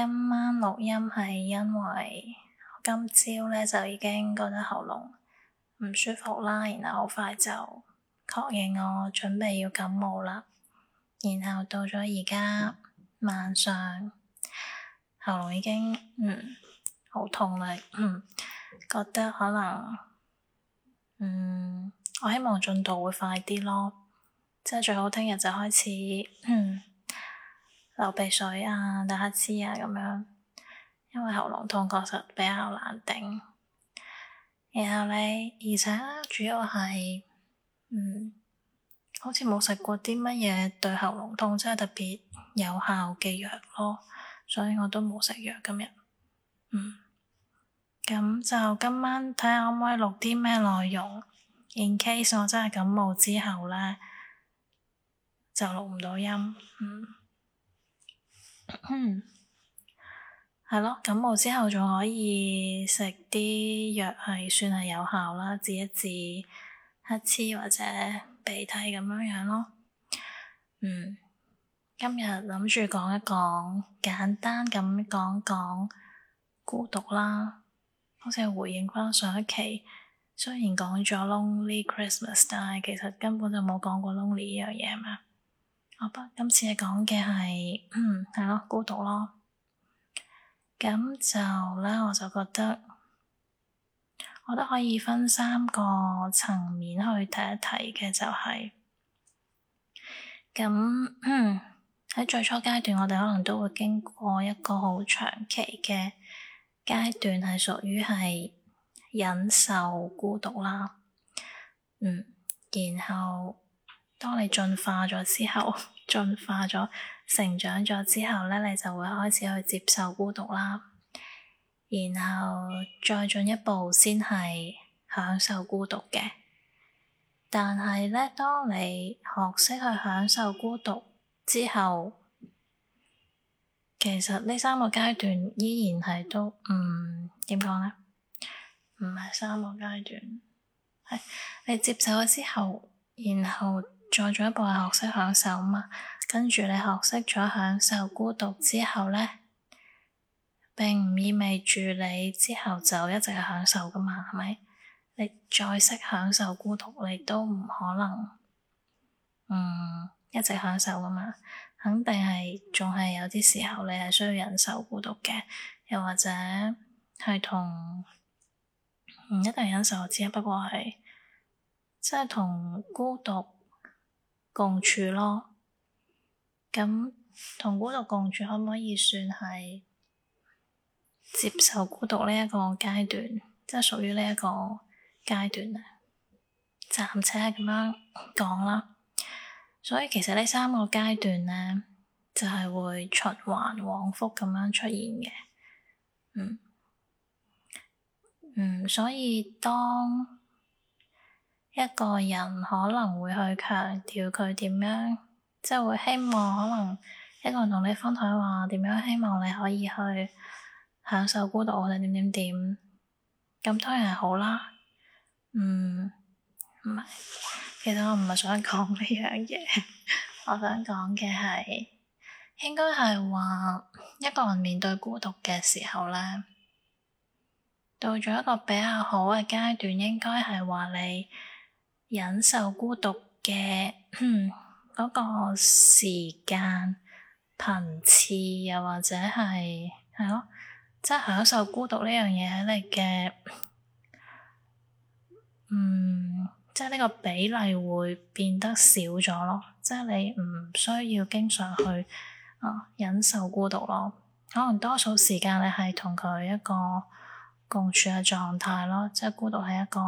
今晚錄音係因為今朝咧就已經覺得喉嚨唔舒服啦，然後好快就確認我準備要感冒啦，然後到咗而家晚上喉嚨已經嗯好痛啦，嗯，嗯覺得可能嗯我希望進度會快啲咯，即係最好聽日就開始。嗯流鼻水啊、打乞嗤啊，咁樣，因為喉嚨痛確實比較難頂。然後咧，而且主要係，嗯，好似冇食過啲乜嘢對喉嚨痛真係特別有效嘅藥咯，所以我都冇食藥今日。嗯，咁就今晚睇下可唔可以錄啲咩內容。In case 我真係感冒之後咧，就錄唔到音。嗯。嗯，係咯，感冒之後仲可以食啲藥，係算係有效啦，治一治黑痴或者鼻涕咁樣樣咯。嗯，今日諗住講一講，簡單咁講講孤獨啦，好似係回應翻上一期，雖然講咗 Lonely Christmas，但係其實根本就冇講過 Lonely 呢樣嘢嘛。阿伯，今次講嘅係，係、嗯、咯，孤獨咯。咁就咧，我就覺得，我都可以分三個層面去睇一睇嘅就係、係，咁喺、嗯、最初階段，我哋可能都會經過一個好長期嘅階段，係屬於係忍受孤獨啦。嗯，然後。當你進化咗之後，進化咗成長咗之後咧，你就會開始去接受孤獨啦，然後再進一步先係享受孤獨嘅。但係咧，當你學識去享受孤獨之後，其實呢三個階段依然係都唔點講咧，唔係三個階段，係你接受咗之後，然後。再進一步係學識享受嘛，跟住你學識咗享受孤獨之後咧，並唔意味住你之後就一直享受噶嘛，係咪？你再識享受孤獨，你都唔可能嗯一直享受噶嘛，肯定係仲係有啲時候你係需要忍受孤獨嘅，又或者係同唔一定忍受，只係不過係即係同孤獨。共處咯，咁同孤獨共處可唔可以算係接受孤獨呢一個階段，即係屬於呢一個階段咧？暫且係咁樣講啦。所以其實呢三個階段咧，就係會循環往復咁樣出現嘅。嗯嗯，所以當一個人可能會去強調佢點樣，即係會希望可能一個人同你分享話點樣，希望你可以去享受孤獨，或者點點點。咁當然係好啦，嗯，唔係，其實我唔係想講呢樣嘢，我想講嘅係，應該係話一個人面對孤獨嘅時候咧，到咗一個比較好嘅階段，應該係話你。忍受孤獨嘅嗰、那個時間頻次、啊，又或者係係咯，即係享受孤獨呢樣嘢，你嘅嗯，即係呢個比例會變得少咗咯。即係你唔需要經常去啊忍受孤獨咯，可能多數時間你係同佢一個共處嘅狀態咯。即係孤獨係一個。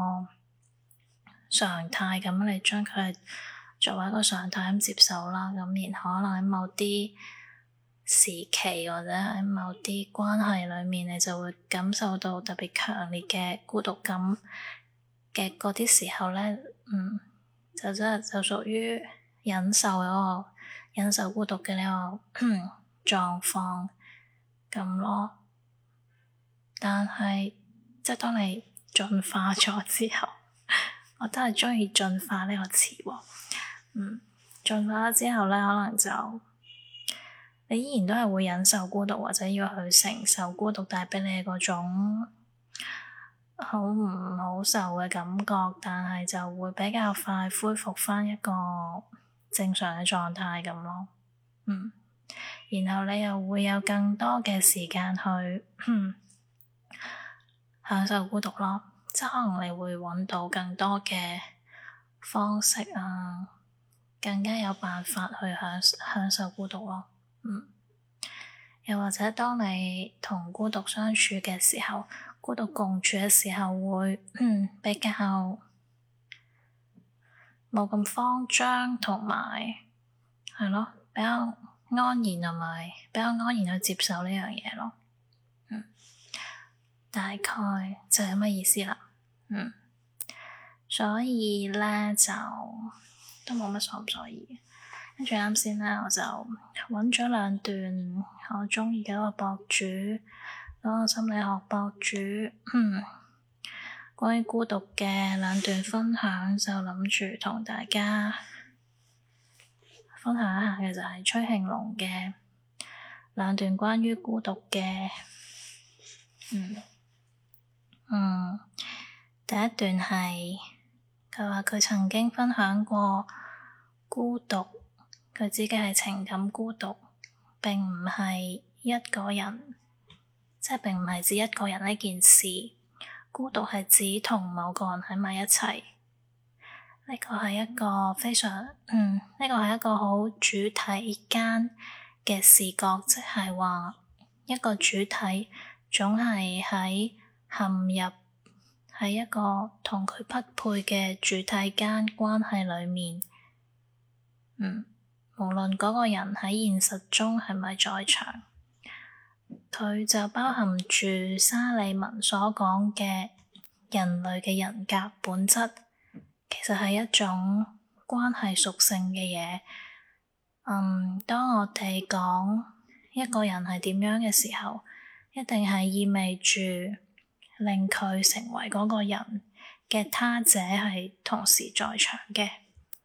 常態，咁你將佢作為一個常態咁接受啦。咁然可能喺某啲時期，或者喺某啲關係裏面，你就會感受到特別強烈嘅孤獨感嘅嗰啲時候咧，嗯，就真係就屬於忍受嗰個忍受孤獨嘅呢、這個 狀況咁咯。但係即係當你進化咗之後。我都係鍾意進化呢個詞喎、哦，嗯，進化咗之後咧，可能就你依然都係會忍受孤獨，或者要去承受孤獨，帶畀你嗰種好唔好受嘅感覺，但係就會比較快恢復翻一個正常嘅狀態咁咯，嗯，然後你又會有更多嘅時間去享受孤獨咯。即可能你會揾到更多嘅方式啊，更加有辦法去享享受孤獨咯、啊。嗯，又或者當你同孤獨相處嘅時候，孤獨共處嘅時候會、嗯、比較冇咁慌張，同埋係咯比較安然同埋比較安然去接受呢樣嘢咯。嗯，大概就係咁嘅意思啦。嗯，所以咧就都冇乜所唔所以，跟住啱先咧，我就揾咗兩段我鍾意嘅一個博主，嗰個心理學博主，嗯，關於孤獨嘅兩段分享，就諗住同大家分享一下嘅就係崔慶龍嘅兩段關於孤獨嘅，嗯，嗯。第一段係佢話佢曾經分享過孤獨，佢指嘅係情感孤獨，並唔係一個人，即係並唔係指一個人呢件事。孤獨係指同某個人喺埋一齊，呢個係一個非常嗯，呢個係一個好主體間嘅視覺，即係話一個主體總係喺陷入。喺一個同佢匹配嘅主體間關係裏面，嗯，無論嗰個人喺現實中係咪在場，佢就包含住沙利文所講嘅人類嘅人格本質，其實係一種關係屬性嘅嘢。嗯，當我哋講一個人係點樣嘅時候，一定係意味住。令佢成為嗰個人嘅他者，係同時在場嘅，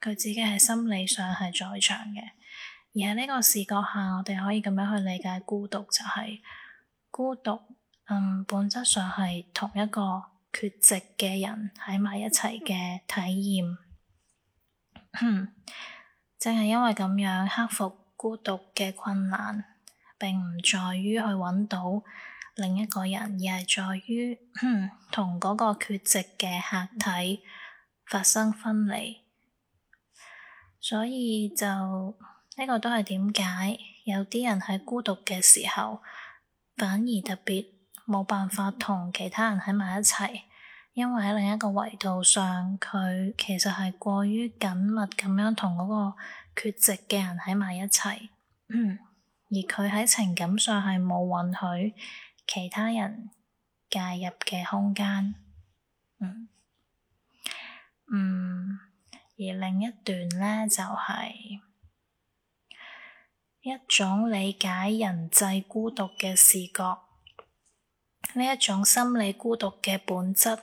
佢自己係心理上係在場嘅，而喺呢個視角下，我哋可以咁樣去理解孤獨，就是，就係孤獨。嗯，本質上係同一個缺席嘅人喺埋一齊嘅體驗。 正係因為咁樣克服孤獨嘅困難，並唔在於去揾到另一個人，而係在於同嗰個缺席嘅客體發生分離，所以就呢個都係點解有啲人喺孤獨嘅時候，反而特別冇辦法同其他人喺埋一齊，因為喺另一個維度上，佢其實係過於緊密咁樣同嗰個缺席嘅人喺埋一齊， 而佢喺情感上係冇允許其他人介入嘅空間，嗯，嗯，而另一段呢，就係、是、一種理解人際孤獨嘅視角。呢一種心理孤獨嘅本質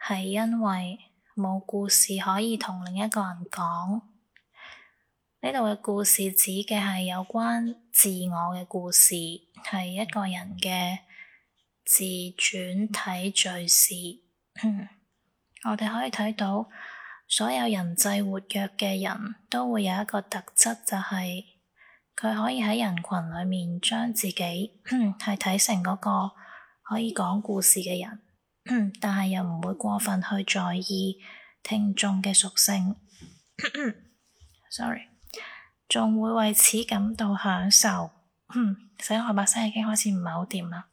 係因為冇故事可以同另一個人講。呢度嘅故事指嘅係有關自我嘅故事，係一個人嘅。自轉體敘事， 我哋可以睇到，所有人際活躍嘅人都會有一個特質，就係、是、佢可以喺人群裏面將自己係睇 成嗰個可以講故事嘅人， 但係又唔會過分去在意聽眾嘅屬性。 Sorry，仲會為此感到享受，所以我把聲已經開始唔係好掂啦。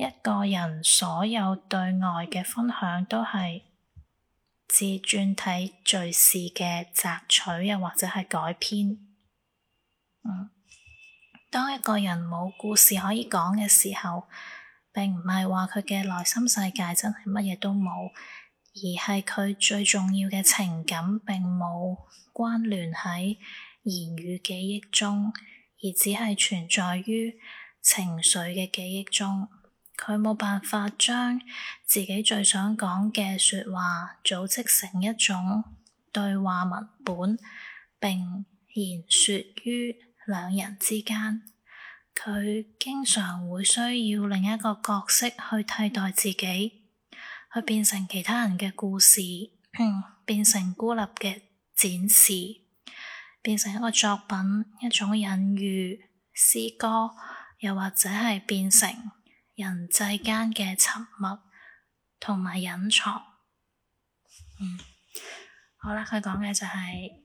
一個人所有對外嘅分享都係自傳體敘事嘅摘取，又或者係改編。嗯，當一個人冇故事可以講嘅時候，並唔係話佢嘅內心世界真係乜嘢都冇，而係佢最重要嘅情感並冇關聯喺言語記憶中，而只係存在於情緒嘅記憶中。佢冇辦法將自己最想講嘅說話組織成一種對話文本，並言說於兩人之間。佢經常會需要另一個角色去替代自己，去變成其他人嘅故事， 變成孤立嘅展示，變成一個作品，一種隱喻詩歌，又或者係變成。人際間嘅沉默同埋隱藏，嗯，好啦，佢講嘅就係、是，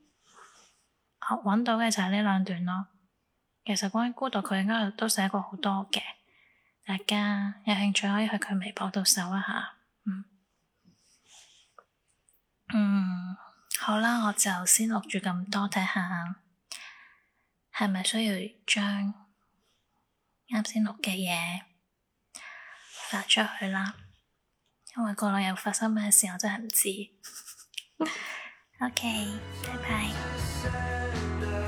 搵、哦、到嘅就係呢兩段咯。其實關於孤獨，佢應該都寫過好多嘅，大家有興趣可以去佢微博度搜一下，嗯，嗯，好啦，我就先錄住咁多，睇下係咪需要將啱先錄嘅嘢。發出去啦，因為過兩日發生咩事，我真係唔知。 OK，拜拜。